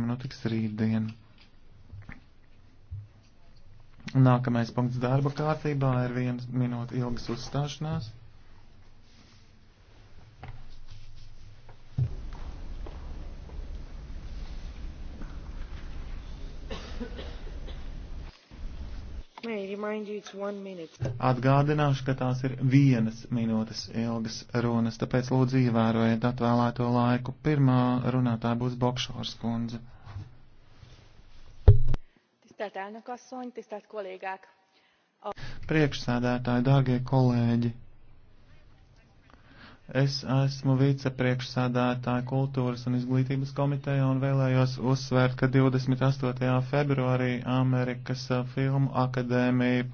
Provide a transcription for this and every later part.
notiks nu, nu, rītdien. Nākamais punkts darba kārtībā ir viens minūte ilgas uzstāšanās. Atgādināšu, ka tās ir vienas minūtes ilgas runas, tāpēc lūdzu ievērojiet atvēlēto laiku. Pirmā runātāja būs Bokšors kundze. Tisztelt elnök asszony, tisztelt kollégák! Priekšsēdētāji, dārgie kolēģi! Es esmu vicepriekšsādātāja kultūras un izglītības komiteja un vēlējos uzsvērt, ka 28. februārī Amerikas uh, Filmu akadēmija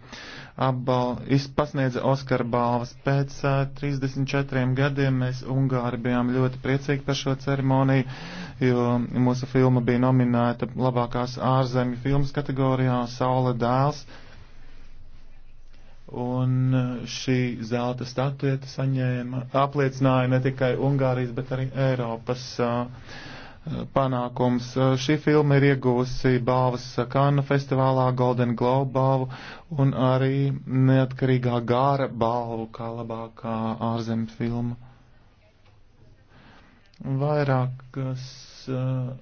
apbal, izpasniedza Oskar balvas. Pēc uh, 34 gadiem mēs Ungāri bijām ļoti priecīgi par šo ceremoniju, jo mūsu filma bija nominēta labākās ārzemju filmas kategorijā Saula dēls. Un e, šī zelta statueta saņēma, apliecināja ne tikai Ungārijas, bet arī Eiropas uh, panākums. Uh, šī filma ir iegūsi balvas Kanna festivālā, Golden Globe balvu un arī neatkarīgā gāra balvu kā labākā ārzemju filma. Vairākas. Uh,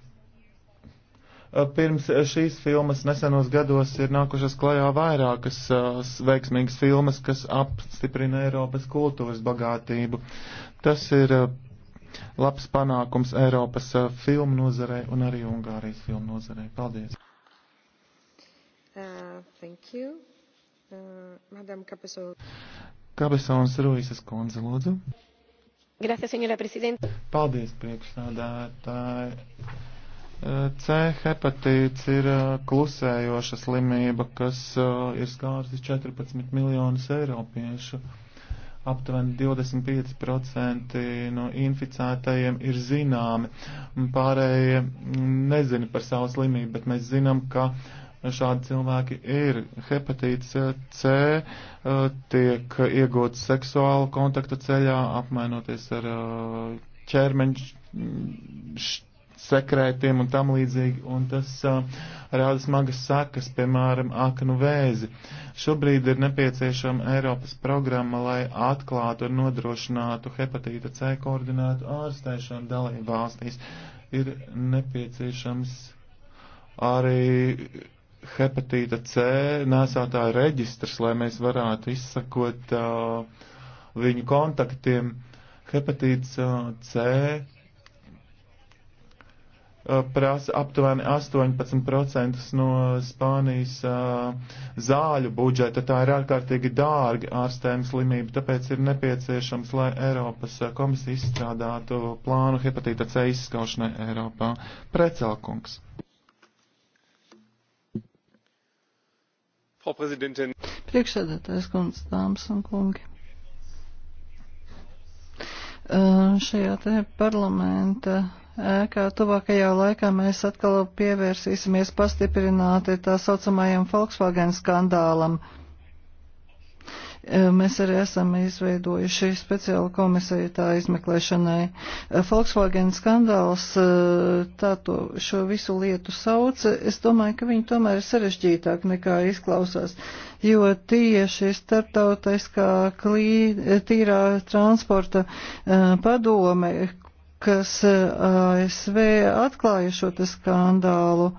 Eh, pirms eh, šīs filmas nesenos gados ir nākušas klajā vairākas eh, veiksmīgas filmas, kas apstiprina Eiropas kultūras bagātību. Tas ir labs panākums Eiropas filmu nozarei un arī Ungārijas filmu nozarei. Paldies! Uh, thank you. Uh, Madam Capesol. Cabezons Ruizas kundze, lūdzu. Gracias, señora presidenta. Paldies, priekšsādātāji. C hepatīts ir klusējoša slimība, kas ir skārusi 14 miljonus eiropiešu. Aptuveni 25% no inficētajiem ir zināmi, pārējie nezina par savu slimību, bet mēs zinām, ka šādi cilvēki ir. Hepatīts C tiek iegūts seksuālu kontaktu ceļā, apmainoties ar ķermeņu sekrētiem un tam līdzīgi, un tas uh, rāda smagas sakas, piemēram, aknu vēzi. Šobrīd ir nepieciešama Eiropas programma, lai atklātu un nodrošinātu hepatīta C koordinātu ārstēšanu dalību valstīs. Ir nepieciešams arī hepatīta C nesātāja reģistrs, lai mēs varētu izsakot uh, viņu kontaktiem. Hepatīts uh, C Uh, prasa aptuveni 18% no Spānijas uh, zāļu budžeta. Tā ir ārkārtīgi dārgi ārstējuma slimība, tāpēc ir nepieciešams, lai Eiropas uh, komisija izstrādātu plānu hepatīta C izskaušanai Eiropā. Precelkungs. Priekšsēdētājs kundze, dāmas un kungi. Eh, šajā te parlamenta ēkā tuvākajā laikā mēs atkal pievērsīsimies pastiprināti tā saucamajam Volkswagen skandālam. Uh, Mēs arī esam izveidojuši speciālu komisiju tā izmeklēšanai. Volkswagen skandāls tā to šo visu lietu sauca. Es domāju, ka viņi tomēr ir sarežģītāk nekā izklausās, jo tieši starptautiskā klī, tīrā transporta padome, kas ASV atklāja šo skandālu,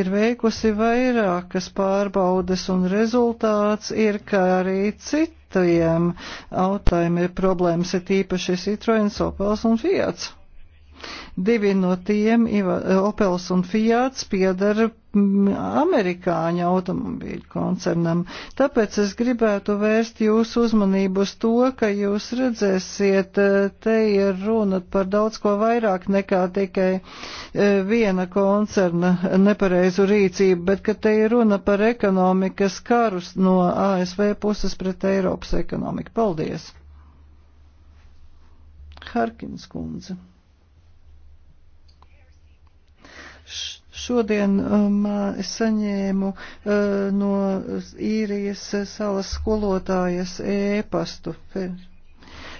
ir veikusi vairākas pārbaudes un rezultāts ir, ka arī citiem autājiem ir problēmas, ir tīpaši Citroens, Opels un Fiats. Divi no tiem, Opels un Fiats, piedara mm, amerikāņu automobīļu koncernam. Tāpēc es gribētu vērst jūsu uzmanību uz to, ka jūs redzēsiet, te ir runa par daudz ko vairāk nekā tikai e, viena koncerna nepareizu rīcību, bet ka te ir runa par ekonomikas karus no ASV puses pret Eiropas ekonomiku. Paldies! Harkins kundze. Šodien um, es saņēmu uh, no īrijas salas skolotājas ēpastu. E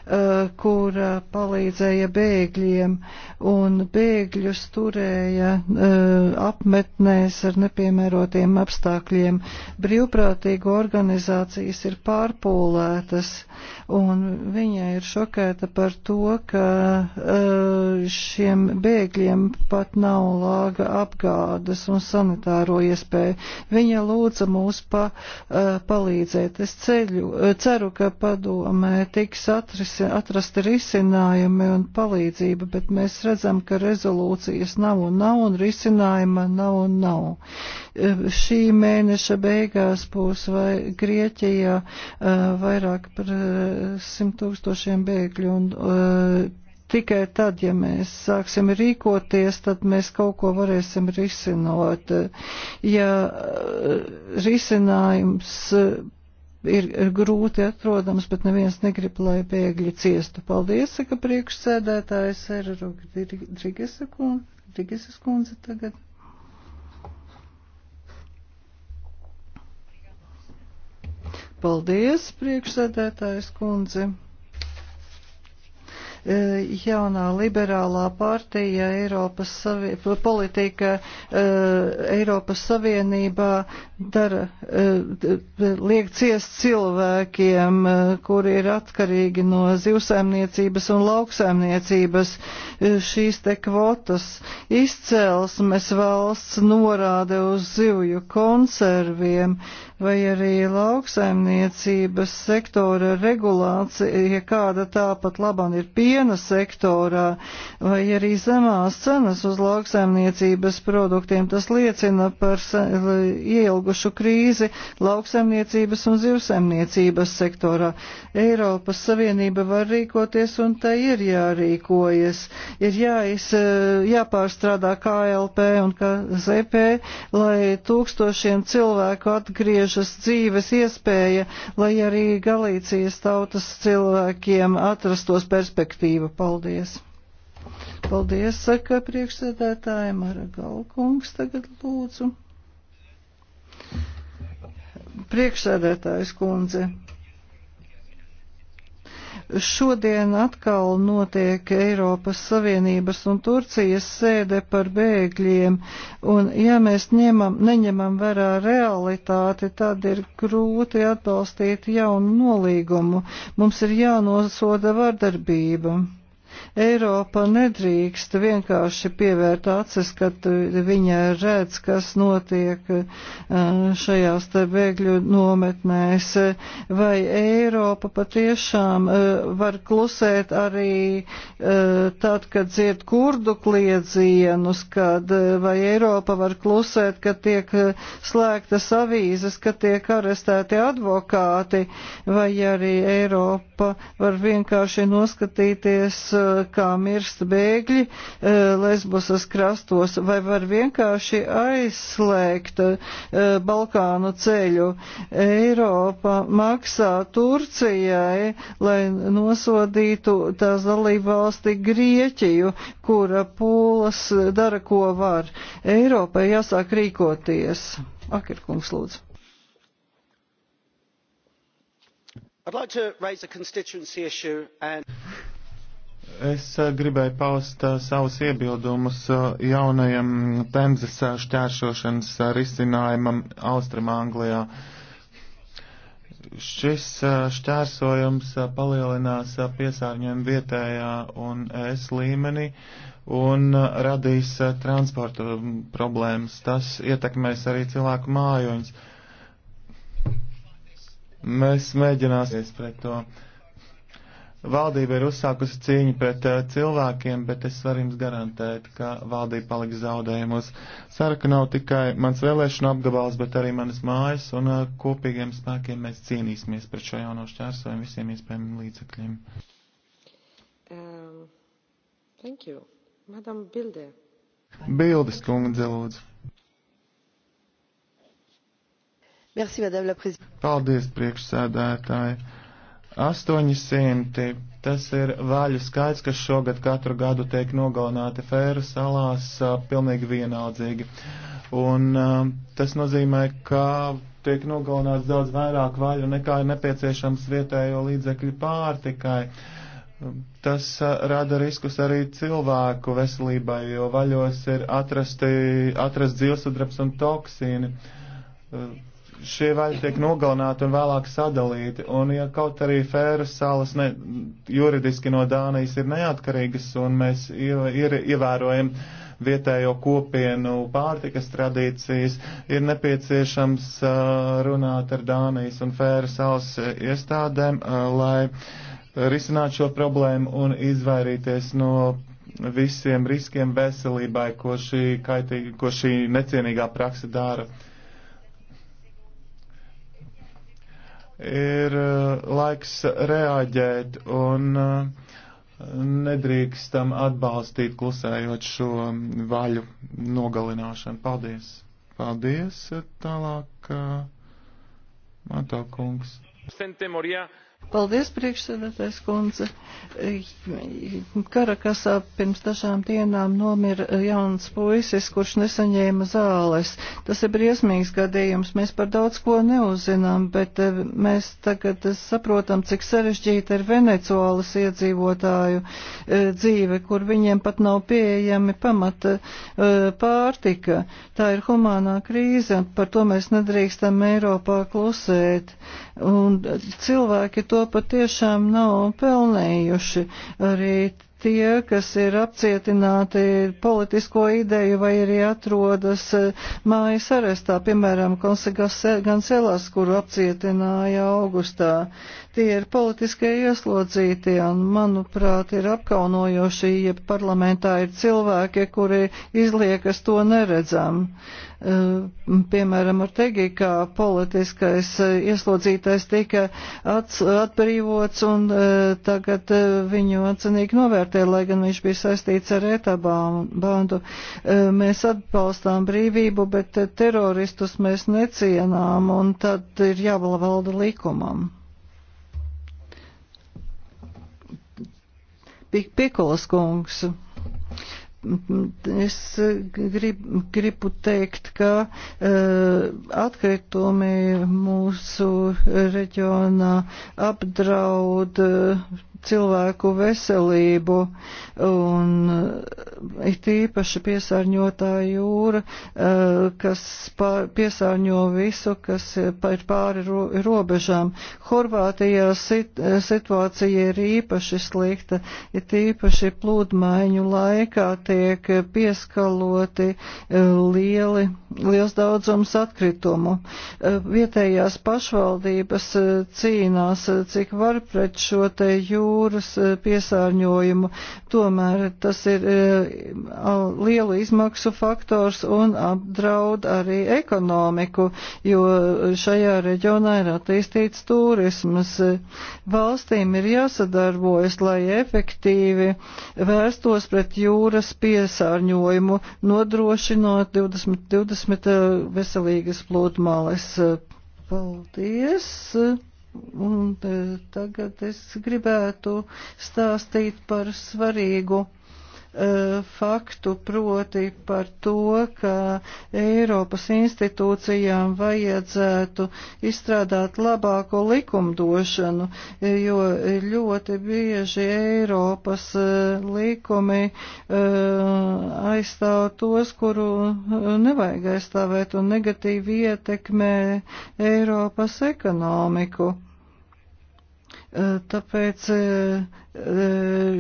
Eh, kur eh, palīdzēja bēgļiem, un bēgļus turēja eh, apmetnēs ar nepiemērotiem apstākļiem. Brīvprātīgo organizācijas ir pārpūlētas, un viņa ir šokēta par to, ka šiem bēgļiem pat nav lāga apgādes un sanitāro iespēju. Viņa lūdza mūs pa, palīdzēt. Es ceļu, ceru, ka padomē tiks atris atrasti risinājumi un palīdzība, bet mēs redzam, ka rezolūcijas nav un nav un risinājuma nav un nav. E, šī mēneša beigās būs vai Grieķijā e, vairāk par e, simt tūkstošiem bēgļu un tikai tad, ja mēs sāksim rīkoties, tad mēs kaut ko varēsim risinot. Ja risinājums ir grūti atrodams, bet neviens negrib, lai bēgļi ciestu. Paldies, saka priekšsēdētājs Erro Drigeses kundze tagad. Paldies, priekšsēdētājs kundze. Eh, jaunā liberālā partija Eiropas Savi politika eh, Eiropas Savienībā dara, eh, liek ciest cilvēkiem, kuri ir atkarīgi no zivsaimniecības un lauksaimniecības. Šīs te kvotas izcelsmes valsts norāda uz zivju konserviem vai arī lauksaimniecības sektora regulācija, kāda tāpat labam ir pieejama piena sektorā vai arī zemās cenas uz lauksaimniecības produktiem. Tas liecina par ieilgušu krīzi lauksaimniecības un zivsaimniecības sektorā. Eiropas Savienība var rīkoties un tai ir jārīkojas. Ir jāiz, jāpārstrādā KLP un KZP, lai tūkstošiem cilvēku atgriežas dzīves iespēja, lai arī Galīcijas tautas cilvēkiem atrastos perspektīvas darbība. Paldies! Paldies, saka priekšsēdētājiem ar Galkungs tagad lūdzu. Priekšsēdētājs kundze. Šodien atkal notiek Eiropas Savienības un Turcijas sēde par bēgļiem, un ja mēs ņemam, neņemam vērā realitāti, tad ir grūti atbalstīt jaunu nolīgumu. Mums ir jānosoda vardarbība. Eiropa nedrīkst vienkārši pievērt acis, kad viņa redz, kas notiek uh, šajās te bēgļu nometnēs. Vai Eiropa patiešām uh, var klusēt arī uh, tad, kad dzird kurdu kliedzienus, kad vai Eiropa var klusēt, kad tiek slēgtas avīzes, kad tiek arestēti advokāti, vai arī Eiropa var vienkārši noskatīties kā mirst bēgļi eh, Lesbosas krastos, vai var vienkārši aizslēgt eh, Balkānu ceļu. Eiropa maksā Turcijai, lai nosodītu tās dalību valsti Grieķiju, kura pūlas dara, ko var. Eiropai jāsāk rīkoties. Akirkungs, lūdzu. I'd like to raise a constituency issue and Es eh, gribēju paust eh, savus iebildumus eh, jaunajam mm, Temzes šķēršošanas risinājumam Austrum Anglijā. Šis šķērsojums palielinās piesārņojumu vietējā un es līmenī un radīs transporta mm, problēmas. Tas ietekmēs arī cilvēku mājoņus. Mēs mēģināsies pret to. Uh, Valdība ir uzsākusi cīņu pret uh, cilvēkiem, bet es varu jums garantēt, ka valdība paliks zaudējumos. Sarka nav tikai mans vēlēšana apgabals, bet arī manas mājas, un uh, kopīgiem spēkiem mēs cīnīsimies pret šo jauno šķērsojumu visiem iespējamiem līdzekļiem. Um, thank you. Madam Bilde. Bildes kundze, lūdzu. Merci, Madam la Prezidente. Paldies, priekšsēdētāji. 800. Tas ir vaļu skaits, kas šogad katru gadu tiek nogalināti Fēru salās pilnīgi vienaldzīgi. Un tas nozīmē, ka tiek nogalināts daudz vairāk vaļu nekā ir nepieciešams vietējo līdzekļu pārtikai. Tas rada riskus arī cilvēku veselībai, jo vaļos ir atrasti, atrast dzīvesudraps un toksīni šie vaļi tiek nogalināti un vēlāk sadalīti. Un ja kaut arī Fēras salas ne, juridiski no Dānijas ir neatkarīgas un mēs ir, ievērojam vietējo kopienu pārtikas tradīcijas, ir nepieciešams uh, runāt ar Dānijas un Fēras salas iestādēm, uh, lai risinātu šo problēmu un izvairīties no visiem riskiem veselībai, ko šī, kaitī, ko šī necienīgā praksa dara. Uh, ir e, laiks reaģēt un e, nedrīkstam atbalstīt klusējot šo vaļu nogalināšanu. Paldies! Paldies! E, tālāk, Mato kungs. Sente Morija Paldies, priekšsēdētājs kundze. Karakasā pirms dažām dienām nomira jauns puisis, kurš nesaņēma zāles. Tas ir briesmīgs gadījums. Mēs par daudz ko neuzinām, bet eh, mēs tagad saprotam, cik sarežģīta ir Venecuālas iedzīvotāju eh, dzīve, kur viņiem pat nav pieejami pamata eh, pārtika. Tā ir humānā krīze, par to mēs nedrīkstam Eiropā klusēt. Un cilvēki to to patiešām nav pelnījuši. Arī tie, kas ir apcietināti politisko ideju vai arī atrodas eh, mājas arestā, piemēram, Konsegas Gancelas, kuru apcietināja augustā. Tie ir politiskie ieslodzītie un, manuprāt, ir apkaunojoši, ja parlamentā ir cilvēki, kuri izliekas to neredzam. Uh, piemēram, ar Tegi, kā politiskais uh, ieslodzītais tika atbrīvots un uh, tagad viņu atcenīgi novērtē, lai gan viņš bija saistīts ar etabandu. Mēs atbalstām brīvību, bet teroristus mēs necienām un tad ir jābalvalda likumam. Pikolas kungs. Es grib, gribu teikt, ka uh, atkritumi mūsu reģionā apdraud uh, cilvēku veselību un eh, it īpaši piesārņotā jūra, eh, kas piesārņo visu, kas ir pāri robežām. Horvātijā eh, situācija ir īpaši slikta, it īpaši plūdmaiņu laikā tiek pieskaloti lieli, liels daudzums atkritumu. Vietējās pašvaldības cīnās, cik var pret šo te jūru jūras eh, piesārņojumu. Tomēr tas ir eh, lielu izmaksu faktors un apdraud arī ekonomiku, jo šajā reģionā ir attīstīts turismas. Valstīm ir jāsadarbojas, lai efektīvi vērstos pret jūras piesārņojumu, nodrošinot 2020 20 eh, veselīgas plūdmales. Paldies! Un e, tagad es gribētu stāstīt par svarīgu e, faktu, proti par to, ka Eiropas institūcijām vajadzētu izstrādāt labāko likumdošanu, jo ļoti bieži Eiropas e, likumi aizstāv tos, kuru nevajag aizstāvēt un negatīvi ietekmē Eiropas ekonomiku Tāpēc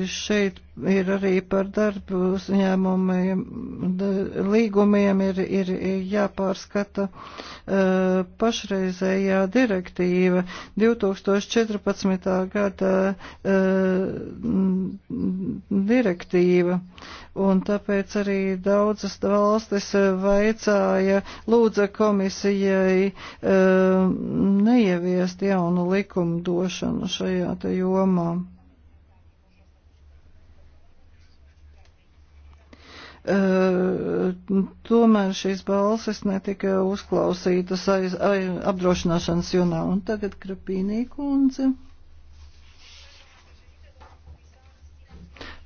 šeit ir arī par darbu uzņēmumiem, līgumiem ir, ir jāpārskata pašreizējā direktīva 2014. gada direktīva. Un tāpēc arī daudzas valstis vaicāja, lūdza komisijai neieviest jaunu likumdošanu šajā te jomā. tomēr šīs balsis netika uzklausītas aiz, aiz, apdrošināšanas jomā. Un tagad Krapīnī kundze.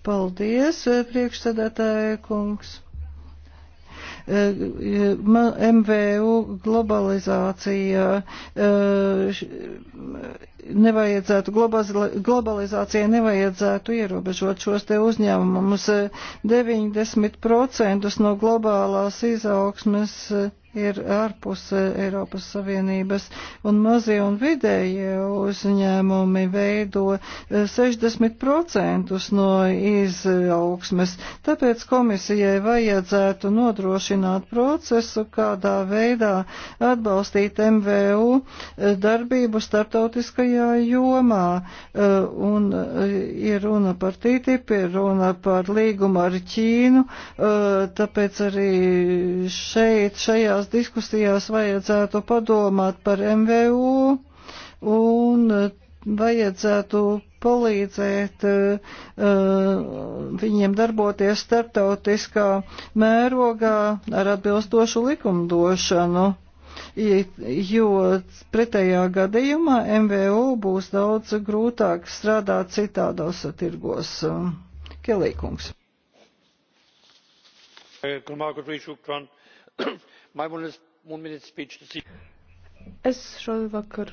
Paldies, priekšsēdētāja kungs. Eh, eh, MVU globalizācija eh, nevajadzētu, globalizācijai nevajadzētu ierobežot šos te uzņēmumus. 90% no globālās izaugsmes ir ārpus Eiropas Savienības, un mazie un vidējie uzņēmumi veido 60% e, no izaugsmes. Tāpēc komisijai vajadzētu nodrošināt procesu, kādā veidā atbalstīt MVU e, darbību starptautiskajā jomā. E, un ir runa par TTIP, ir runa par līgumu ar Ķīnu, tāpēc arī šeit, šajā šajās diskusijās vajadzētu padomāt par MVU un eh, vajadzētu palīdzēt uh, viņiem darboties starptautiskā mērogā ar atbilstošu likumdošanu jo pretējā gadījumā MVU būs daudz grūtāk strādāt citādos tirgos. Kelīkungs. Es šovakar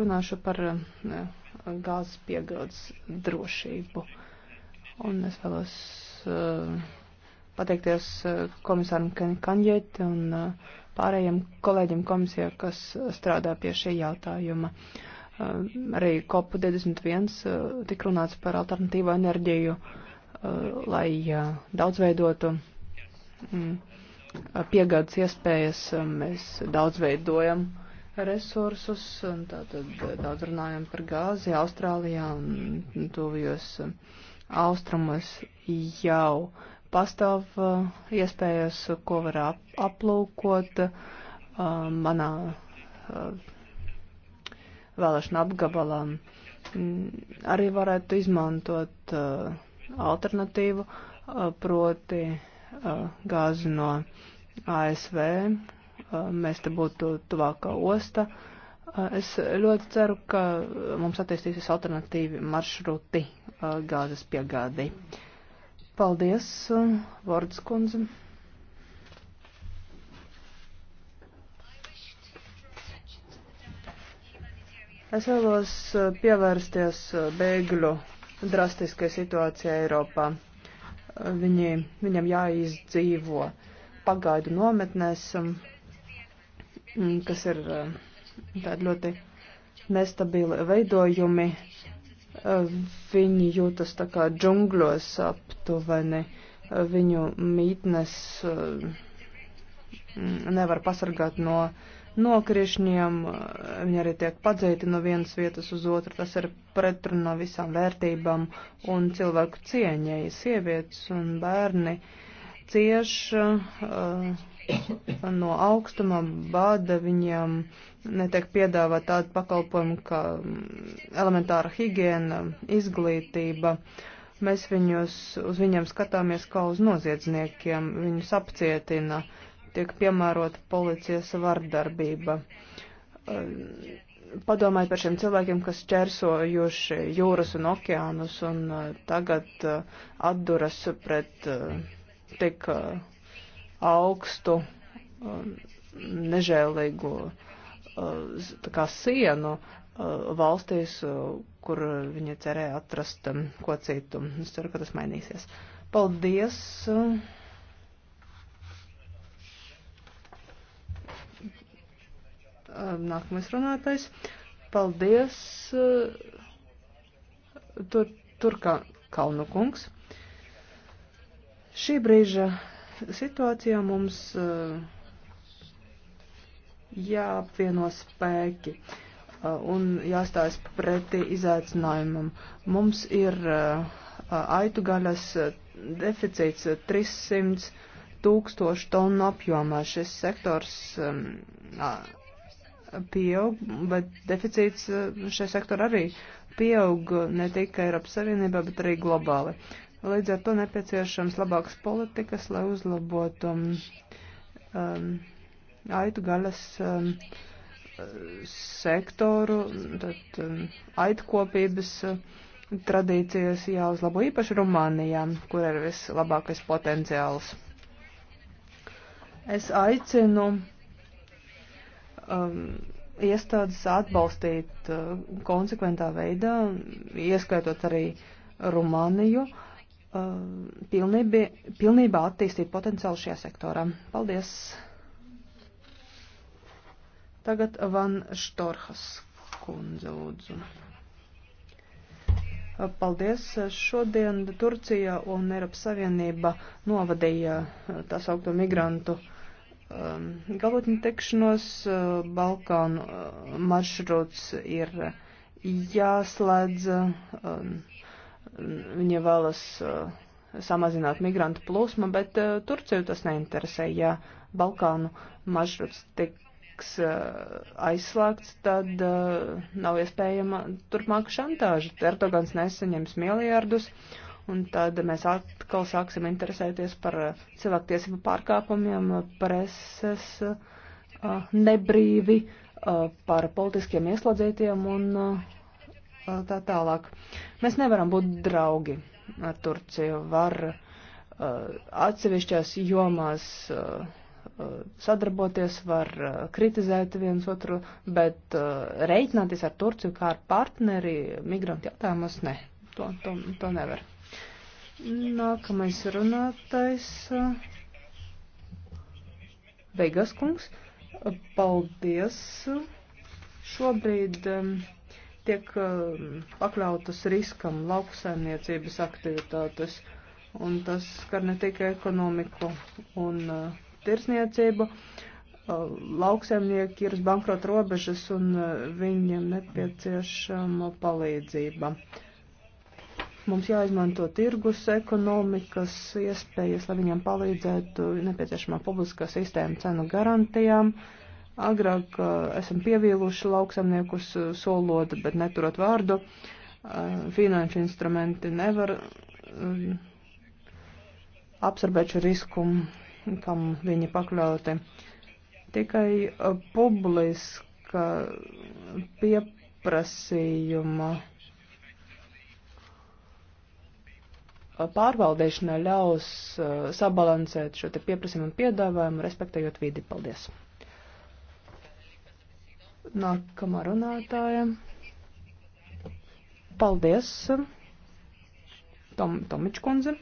runāšu par eh, gāzes piegādes drošību. Un es vēlos uh, pateikties eh, komisāram Kanjēti un uh, pārējiem kolēģiem komisijā, kas strādā pie šī jautājuma. Uh, arī COP21 tik runāts par alternatīvo enerģiju, lai daudzveidotu. Mm, piegādes iespējas, um, mēs daudz veidojam resursus, tātad daudz runājam par gāzi Austrālijā un tuvijos um, austrumos jau pastāv uh, iespējas, ko var ap aplūkot uh, manā uh, vēlēšana apgabalā. Mm, arī varētu izmantot alternatīvu, proti Uh, gāzi no ASV, uh, mēs te būtu tuvākā osta. Uh, es ļoti ceru, ka mums attīstīsies alternatīvi maršruti gāzes piegādī. Paldies, Vords kundze. Es vēlos pievērsties bēgļu drastiskai situācijai Eiropā. Viņi, viņam jāizdzīvo pagaidu nometnēs, um, mm, kas ir um, tādi ļoti nestabili veidojumi. Uh, viņi jūtas tā kā džungļos aptuveni, uh, viņu mītnes uh, mm, nevar pasargāt no uh, nokrišņiem, eh, viņi arī tiek padzīti no vienas vietas uz otru, tas ir pretrunā no visām vērtībām un cilvēku cieņai. Sievietes un bērni cieš uh, no augstuma bada, viņiem netiek piedāvāt tādu pakalpojumu kā mm, elementāra higiena, izglītība. Mēs viņus, uz viņiem skatāmies kā uz noziedzniekiem, viņus apcietina. Uh, tiek piemērota policijas vardarbība. Ehm, padomājiet par šiem cilvēkiem, kas čersojuši jūras un okeānus un eh, tagad eh, atduras pret eh, tik augstu, ehm, nežēlīgu kā sienu valstīs, kur viņi cerēja atrast ehm, ko citu. Es ceru, ka tas mainīsies. Paldies! Nākamais runātais. Paldies. Tur, tur kā Kalnu kungs. Šī brīža situācijā mums jāapvieno spēki un jāstājas pretī izaicinājumam. Mums ir aitu gaļas deficīts 300 tūkstošu tonu apjomā. Šis sektors pieaug, bet deficīts eh, šajā sektorā arī pieaug ne tikai Eiropas Savienībā, bet arī globāli. Līdz ar to nepieciešams labāks politikas, lai uzlabotu um, um, aitu gaļas um, sektoru, tad um, aitkopības uh, tradīcijas jāuzlabo īpaši Rumānijā, kur ir vislabākais potenciāls. Es aicinu um, iestādes atbalstīt uh, konsekventā veidā, ieskaitot arī Rumāniju, uh, pilnība, pilnībā attīstīt potenciālu šajā sektorā. Paldies! Tagad Van Štorhas kundze lūdzu. Uh, paldies! Šodien Turcija un Eiropas Savienība novadīja uh, tā saukto migrantu uh, Um, galotņu tekšanos uh, Balkānu uh, maršruts ir jāslēdz. Um, viņa vēlas uh, samazināt migrantu plūsmu, bet Turciju tas neinteresē. Ja Balkānu maršruts tiks aizslēgts, tad nav iespējama turpmāka šantāža. Erdogans nesaņems miljārdus. Uh, un tad mēs atkal sāksim interesēties par cilvēktiesību pārkāpumiem, preses nebrīvi, par politiskiem ieslodzītiem un tā tālāk. Mēs nevaram būt draugi ar Turciju. Var atsevišķās jomās sadarboties, var kritizēt viens otru, bet reiķināties ar Turciju kā ar partneri migrantu jautājumos, ne. To, to, to nevar. Nākamais runātais Vegas kungs. Paldies. Šobrīd um, tiek um, pakļautas riskam lauksaimniecības aktivitātes, un tas skar ne tikai ekonomiku un uh, tirsniecību. Uh, lauksaimnieki ir uz bankrota robežas, un uh, viņiem nepieciešama palīdzība. Uh, Mums jāizmanto tirgus ekonomikas iespējas, lai viņiem palīdzētu nepieciešamā publiskā sistēma cenu garantijām. Agrāk uh, esam pievīluši lauksamniekus uh, solot, bet neturot vārdu. Uh, finanšu instrumenti nevar um, apsarbēt šo risku, kam viņi pakļauti. Tikai publiska pieprasījuma pārvaldīšana ļaus uh, sabalansēt šo te pieprasījumu un piedāvājumu, respektējot vidi. Paldies! Nākamā runātāja. Paldies, Tom, Tomičkundze.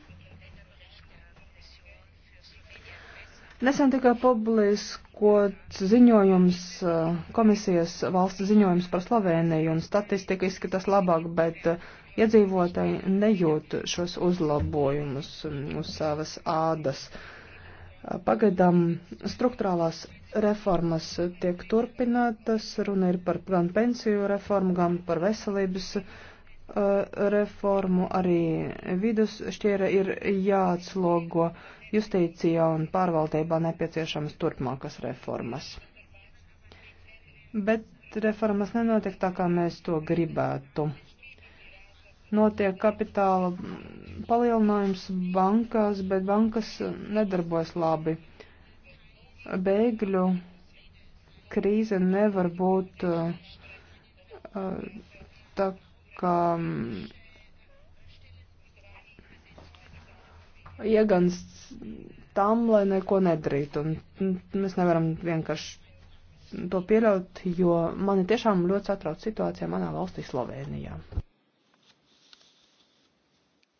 Nesen tika publiskots ziņojums, uh, komisijas valsts ziņojums par Sloveniju, un statistika izskatās labāk, bet uh, Iedzīvotāji nejūt šos uzlabojumus um, uz savas ādas. Pagaidām struktūrālās reformas tiek turpinātas, runa ir par gan pensiju reformu, gan par veselības uh, reformu, arī vidus šķiera ir jāatslogo justīcijā un pārvaldībā nepieciešamas turpmākas reformas. Bet reformas nenotiek tā, kā mēs to gribētu notiek kapitāla palielinājums bankās, bet bankas nedarbojas labi. Bēgļu krīze nevar būt uh, uh, tā kā mm, iegans tam, lai neko nedarītu. Un mēs nevaram vienkārši to pieļaut, jo mani tiešām ļoti satrauc situācija manā valstī Slovenijā.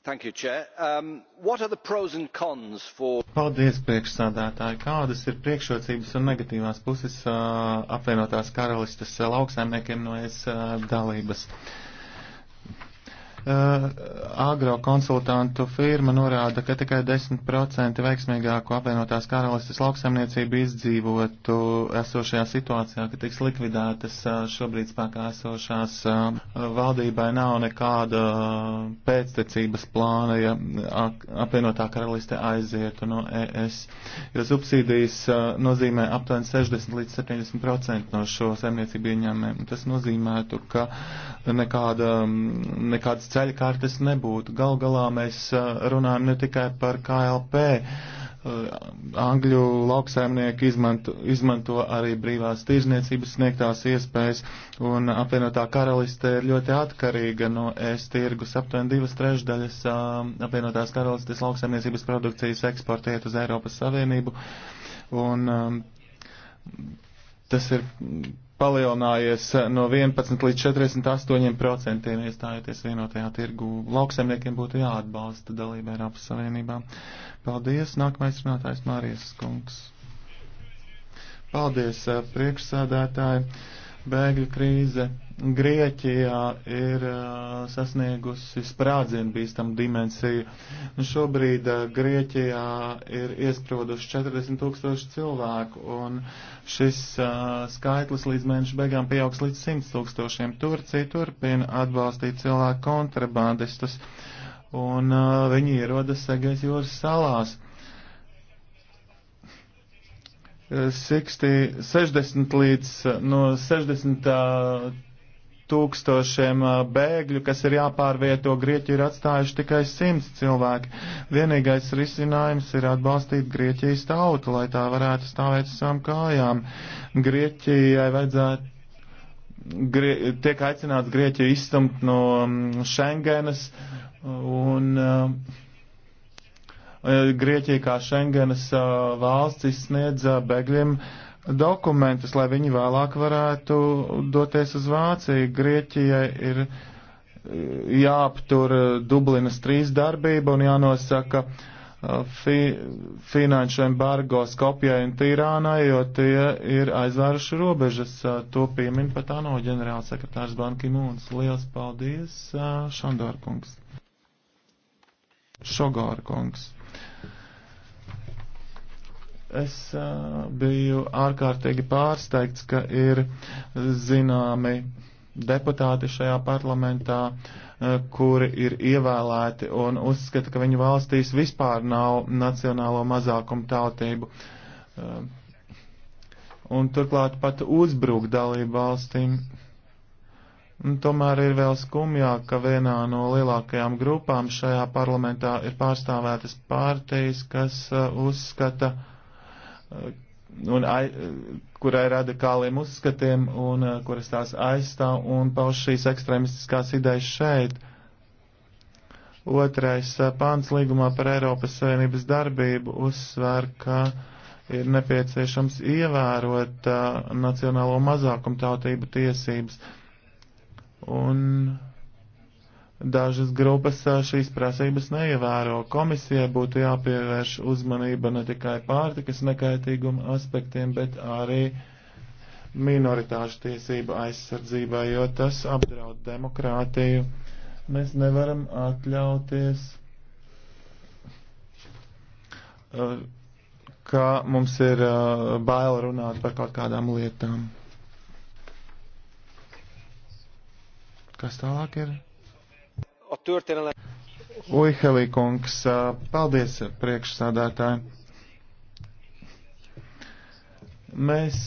Um, for... Paldies, priekšsādātāji. Kādas ir priekšrocības un negatīvās puses uh, apvienotās karalistas uh, lauksaimniekiem no es uh, dalības? Uh, Eh, agrokonsultantu firma norāda, ka tikai 10% veiksmīgāku apvienotās karalistes lauksaimniecību izdzīvotu esošajā situācijā, ka tiks likvidētas eh, šobrīd spēkā esošās eh, valdībai nav nekāda pēctecības plāna, ja apvienotā karaliste aizietu no ES, jo subsīdijas nozīmē aptuveni 60 līdz 70% no šo saimniecību ieņēmumiem. Tas nozīmētu, ka nekāda, mm, nekāds ceļkārtes nebūtu. Gal galā mēs runājam ne tikai par KLP. Angļu lauksaimnieki izmanto, izmanto arī brīvās tirzniecības sniegtās iespējas, un apvienotā karaliste ir ļoti atkarīga no ēst tirgus. Aptuveni divas trešdaļas apvienotās karalistes lauksaimniecības produkcijas eksportiet uz Eiropas Savienību, un tas ir palielinājies no 11 līdz 48 procentiem iestājoties vienotajā tirgu. Lauksemniekiem būtu jāatbalsta dalība Eiropas Savienībā. Paldies. Nākamais runātājs Mārijas Kungs. Paldies, eh, priekšsādātāji. Bēgļu krīze Grieķijā ir uh, sasniegusi sprādzienu bīstam dimensiju. Un šobrīd uh, Grieķijā ir iesprūduši 40 tūkstoši cilvēku, un šis uh, skaitlis līdz mēneša beigām pieaugs līdz 100 tūkstošiem. Turcija turpina atbalstīt cilvēku kontrabandistus, un uh, viņi ierodas Segais jūras salās. Uh, 60, 60 līdz eh, no 60 eh, tūkstošiem eh, bēgļu, kas ir jāpārvieto, Grieķi ir atstājuši tikai 100 cilvēki. Vienīgais risinājums ir atbalstīt Grieķijas tautu, lai tā varētu stāvēt uz savām kājām. Grieķijai vajadzētu. Grie, tiek aicināts Grieķiju izstumt no mm, Schengenas un uh, E, Grieķija kā Schengenas e, valsts izsniedza e, bēgļiem dokumentus, lai viņi vēlāk varētu doties uz Vāciju. Grieķijai ir jāaptur Dublinas trīs darbība un jānosaka fi, finanšu embargo Skopjai un Tīrānai, jo tie ir aizvēruši robežas. To piemin pat ANO ģenerālsekretārs Banki Mūns. Liels paldies, Šandorkungs! Šogārkungs. Es uh, biju ārkārtīgi pārsteigts, ka ir zināmi deputāti šajā parlamentā, uh, kuri ir ievēlēti un uzskata, ka viņu valstīs vispār nav nacionālo mazākumu tautību. Uh, un turklāt pat uzbruk dalību valstīm. Un tomēr ir vēl skumjāk, ka vienā no lielākajām grupām šajā parlamentā ir pārstāvētas pārtejas, kas uh, uzskata, Uh, un ai, uh, kurai radikāliem uzskatiem un uh, kuras tās aizstāv un pauž šīs ekstremistiskās idejas šeit. Otrais pāns līgumā par Eiropas Savienības darbību uzsver, ka ir nepieciešams ievērot uh, nacionālo mazākumtautību tiesības. Un dažas grupas šīs prasības neievēro. Komisijai būtu jāpievērš uzmanība ne tikai pārtikas nekaitīguma aspektiem, bet arī minoritāšu tiesību aizsardzībai, jo tas apdraud demokrātiju. Mēs nevaram atļauties, ka mums ir bail runāt par kaut kādām lietām. Kas tālāk ir? történelem. Uihelī kungs, paldies priekšsādātāji. Mēs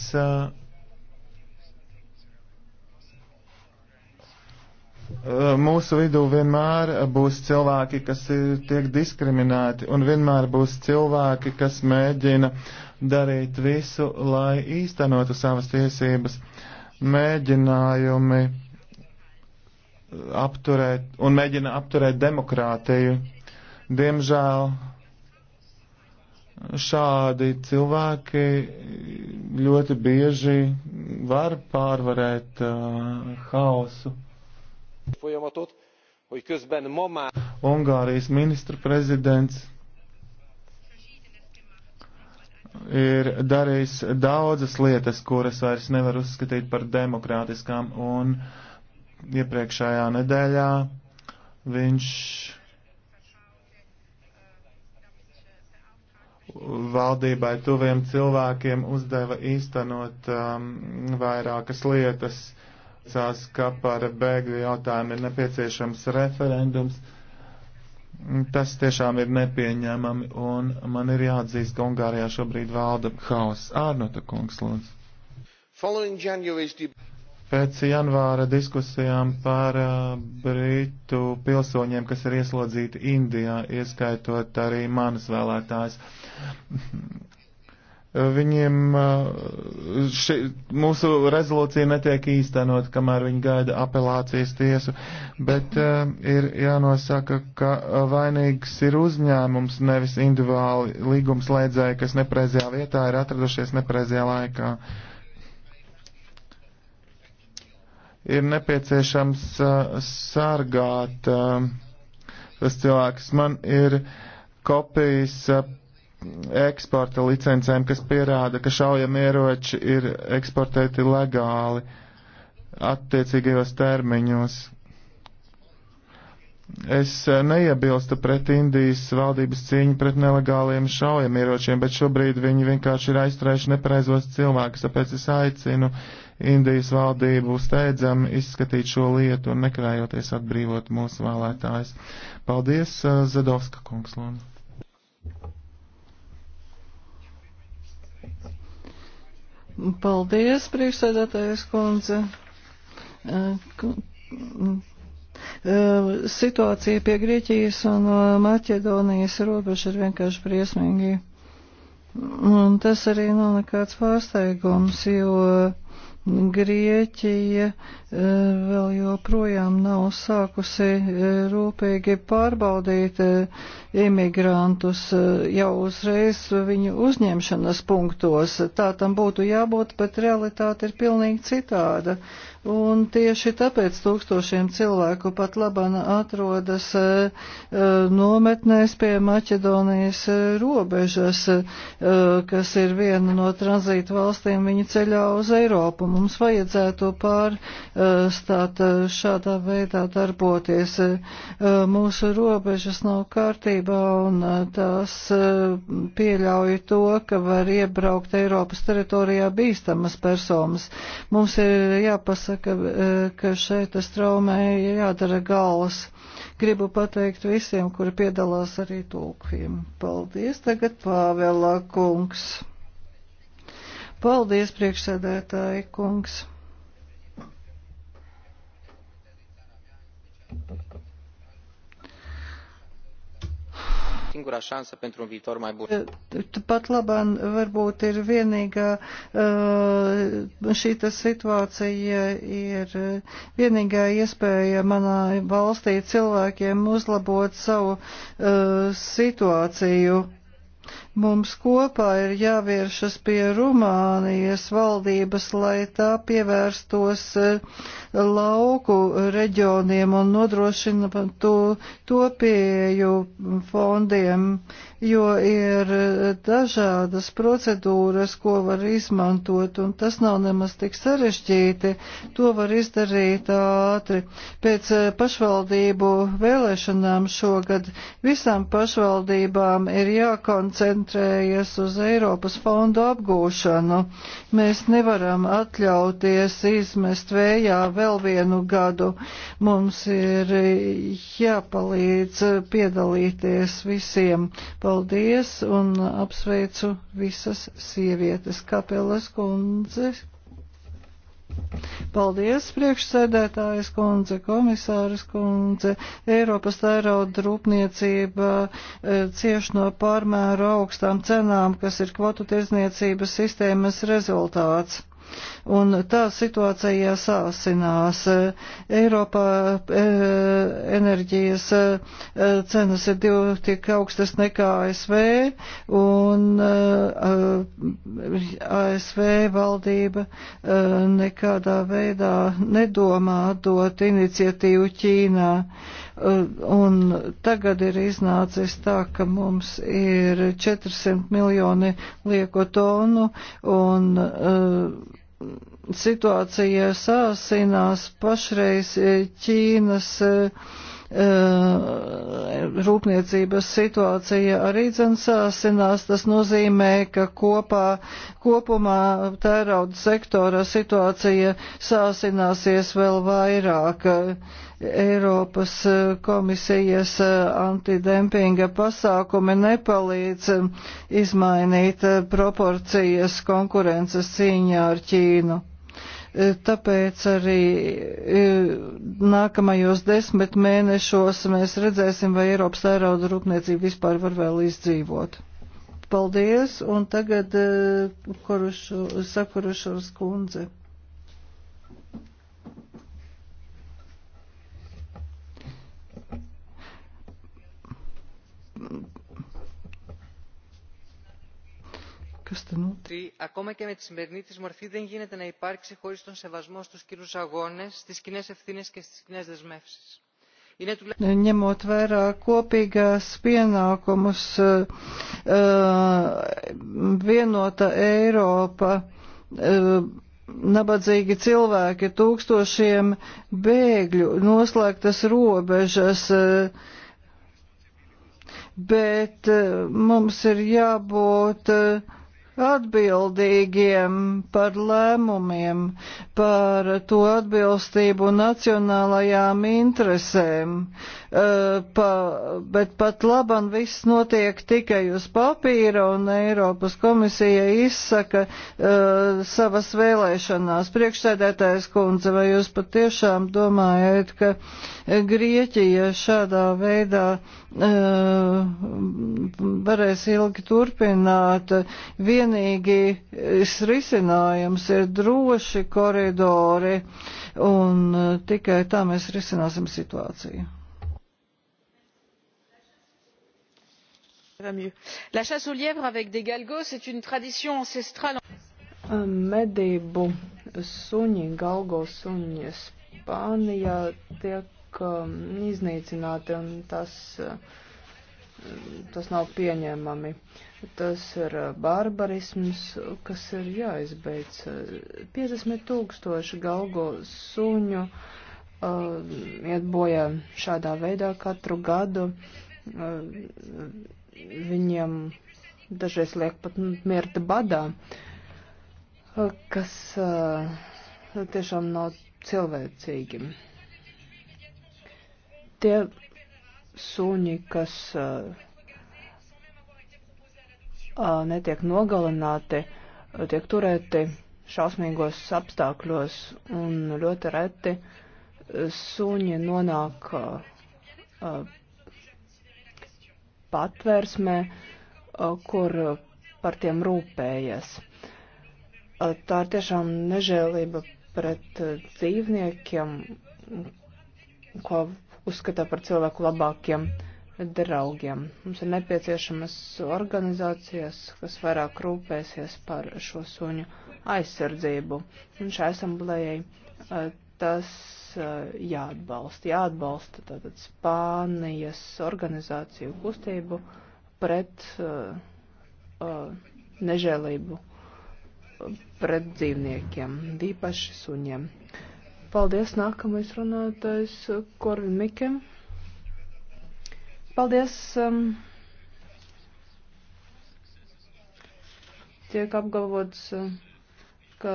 mūsu vidū vienmēr būs cilvēki, kas ir, tiek diskriminēti, un vienmēr būs cilvēki, kas mēģina darīt visu, lai īstenotu savas tiesības. Mēģinājumi apturēt un mēģina apturēt demokrātiju. Diemžēl šādi cilvēki ļoti bieži var pārvarēt uh, hausu. Ungārijas ministra prezidents ir darījis daudzas lietas, kuras vairs nevar uzskatīt par demokrātiskām un uh, iepriekšējā nedēļā viņš valdībai tuviem cilvēkiem uzdeva īstenot um, vairākas lietas, cās, ka par bēgļu jautājumu ir nepieciešams referendums. Tas tiešām ir nepieņemami, un man ir jāatzīst, ka Ungārijā šobrīd valda haoss. Ārnota kungs, lūdzu. Pēc janvāra diskusijām par uh, britu pilsoņiem, kas ir ieslodzīti Indijā, ieskaitot arī manas vēlētājs, viņiem uh, ši, mūsu rezolūcija netiek īstenot, kamēr viņi gaida apelācijas tiesu, bet uh, ir jānosaka, ka vainīgs ir uzņēmums, nevis individuāli līgumslēdzēji, kas nepreizajā vietā ir atradušies nepreizajā laikā. ir nepieciešams uh, sargāt uh, tas cilvēks. Man ir kopijas uh, eksporta licencēm, kas pierāda, ka šaujamieroči ir eksportēti legāli attiecīgajos termiņos. Es uh, neiebilstu pret Indijas valdības cīņu pret nelegāliem šaujamieročiem, bet šobrīd viņi vienkārši ir aizturējuši nepareizos cilvēkus, tāpēc es aicinu uh, Indijas valdību steidzam izskatīt šo lietu un nekavējoties atbrīvot mūsu vēlētājs. Paldies, Zedovska kungs, lūdzu. Paldies, priekšsēdētājas kundze. Situācija pie Grieķijas un Maķedonijas robeža ir vienkārši briesmīgi. Un tas arī nav nekāds pārsteigums, jo Grieķija eh, vēl joprojām nav sākusi eh, rūpīgi pārbaudīt eh, imigrantus jau uzreiz viņu uzņemšanas punktos. Tā tam būtu jābūt, bet realitāte ir pilnīgi citāda. Un tieši tāpēc tūkstošiem cilvēku pat labana atrodas nometnēs pie Maķedonijas robežas, kas ir viena no tranzītu valstīm viņu ceļā uz Eiropu mums vajadzētu pārstāt eh, eh, šādā veidā darboties. Eh, mūsu robežas nav kārtībā un tās pieļauj to, ka var iebraukt Eiropas teritorijā bīstamas personas. Mums ir jāpasaka, ka šeit tas traumē ir jādara galvas. Gribu pateikt visiem, kuri piedalās arī tūkiem. Paldies tagad Pāvela kungs. Paldies, priekšsēdētāji kungs. singura șansă pentru un viitor mai bun. Pat labam varbūt ir vienīgā uh, šīta situācija ir vienīgā iespēja manā valstī cilvēkiem uzlabot savu uh, situāciju. Mums kopā ir jāvēršas pie Rumānijas valdības, lai tā pievērstos eh, lauku reģioniem un nodrošina to, to pieju fondiem, jo ir eh, dažādas procedūras, ko var izmantot, un tas nav nemaz tik sarežģīti. To var izdarīt ātri. Pēc eh, pašvaldību vēlēšanām šogad visām pašvaldībām ir jākoncentrēt koncentrējies uz Eiropas fondu apgūšanu. Mēs nevaram atļauties izmest vējā vēl vienu gadu. Mums ir jāpalīdz piedalīties visiem. Paldies un apsveicu visas sievietes. Kapelas kundze. Paldies, priekšsēdētājas kundze, komisāras kundze. Eiropas tērauda rūpniecība e, cieš no pārmēru augstām cenām, kas ir kvotu tirzniecības sistēmas rezultāts. Un tā situācija sāsinās. Eiropā e, enerģijas e, cenas ir divi tik augstas nekā ASV, un e, ASV valdība nekādā veidā nedomā dot iniciatīvu Ķīnā. Un tagad ir iznācis tā, ka mums ir 400 miljoni lieko tonu un e, situācija sāsinās pašreiz e, Ķīnas uh, rūpniecības situācija arī sāsinās. Tas nozīmē, ka kopā, kopumā tērauda sektora situācija sāsināsies vēl vairāk. Eiropas komisijas antidempinga pasākumi nepalīdz izmainīt proporcijas konkurences cīņā ar Ķīnu. Tāpēc arī e, nākamajos desmit mēnešos mēs redzēsim, vai Eiropas ērauda rūpniecība vispār var vēl izdzīvot. Paldies, un tagad e, korušu, sakurušu uz kundzi. Kas te notiek? Nu? Ακόμα και με τη σημερινή τη μορφή δεν γίνεται να υπάρξει χωρί τον σεβασμό στου κοινού αγώνε, στι κοινέ ευθύνε και στι κοινέ δεσμεύσει. Ņemot vērā kopīgās pienākumus, vienota Eiropa nabadzīgi cilvēki, tūkstošiem bēgļu, noslēgtas robežas, e, bet e, mums ir jābūt uh, atbildīgiem par lēmumiem, par to atbilstību nacionālajām interesēm. Eh, pa, bet pat laban viss notiek tikai uz papīra, un Eiropas komisija izsaka uh, savas vēlēšanās. Priekšsēdētājs kundze, vai jūs patiešām domājat, ka Grieķija šādā veidā uh, varēs ilgi turpināt? Vienīgais risinājums ir droši koridori, un uh, tikai tā mēs risināsim situāciju. La chasse aux lièvres avec des galgos, c'est une tradition ancestrale. Medību suņi, galgo suņi Spānijā tiek um, iznīcināti un tas, um, tas nav pieņemami. Tas ir uh, barbarisms, kas ir jāizbeidz. 50 tūkstoši galgo suņu uh, iet bojā šādā veidā katru gadu. Uh, viņiem dažreiz liek pat mirt badā, kas eh, tiešām nav cilvēcīgi. Tie suņi, kas eh, netiek nogalināti, tiek turēti šausmīgos apstākļos un ļoti reti suņi nonāk patvērsmē, kur par tiem rūpējies. Tā ir tiešām nežēlība pret dzīvniekiem, ko uzskatā par cilvēku labākiem draugiem. Mums ir nepieciešamas organizācijas, kas vairāk rūpēsies par šo suņu aizsardzību. Un šai asamblējai tas Eh, jāatbalsta, jāatbalsta tātad Spānijas organizāciju kustību pret uh, uh, nežēlību pret dzīvniekiem, īpaši suņiem. Paldies, nākamais runātājs Korvin Mikke. Paldies. Um, tiek apgalvots. Uh, ka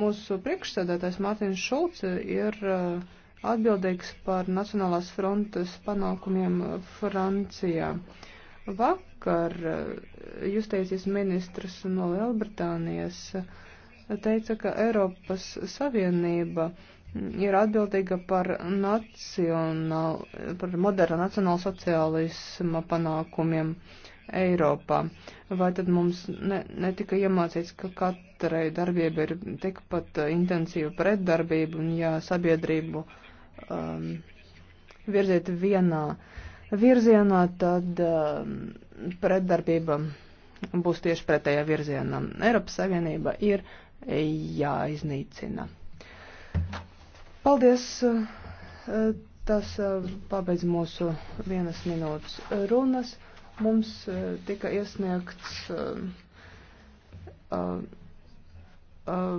mūsu priekšsēdētājs Mārtiņš Šulc ir uh, atbildīgs par Nacionālās frontes panākumiem Francijā. Vakar uh, justīcijas ministrs no Lielbritānijas uh, teica, ka Eiropas Savienība mm, ir atbildīga par, nacionāl, par moderna nacionāla sociālisma panākumiem Eiropā. Vai tad mums ne, netika iemācīts, ka kat, pretēji darbība ir tikpat uh, intensīva pretdarbība, un ja sabiedrību um, virziet vienā virzienā, tad um, pretdarbība būs tieši pretējā virzienā. Eiropas Savienība ir jāiznīcina. Paldies! Uh, uh, tas pabeidz mūsu vienas minūtes runas. Mums tika iesniegts uh, uh, uh,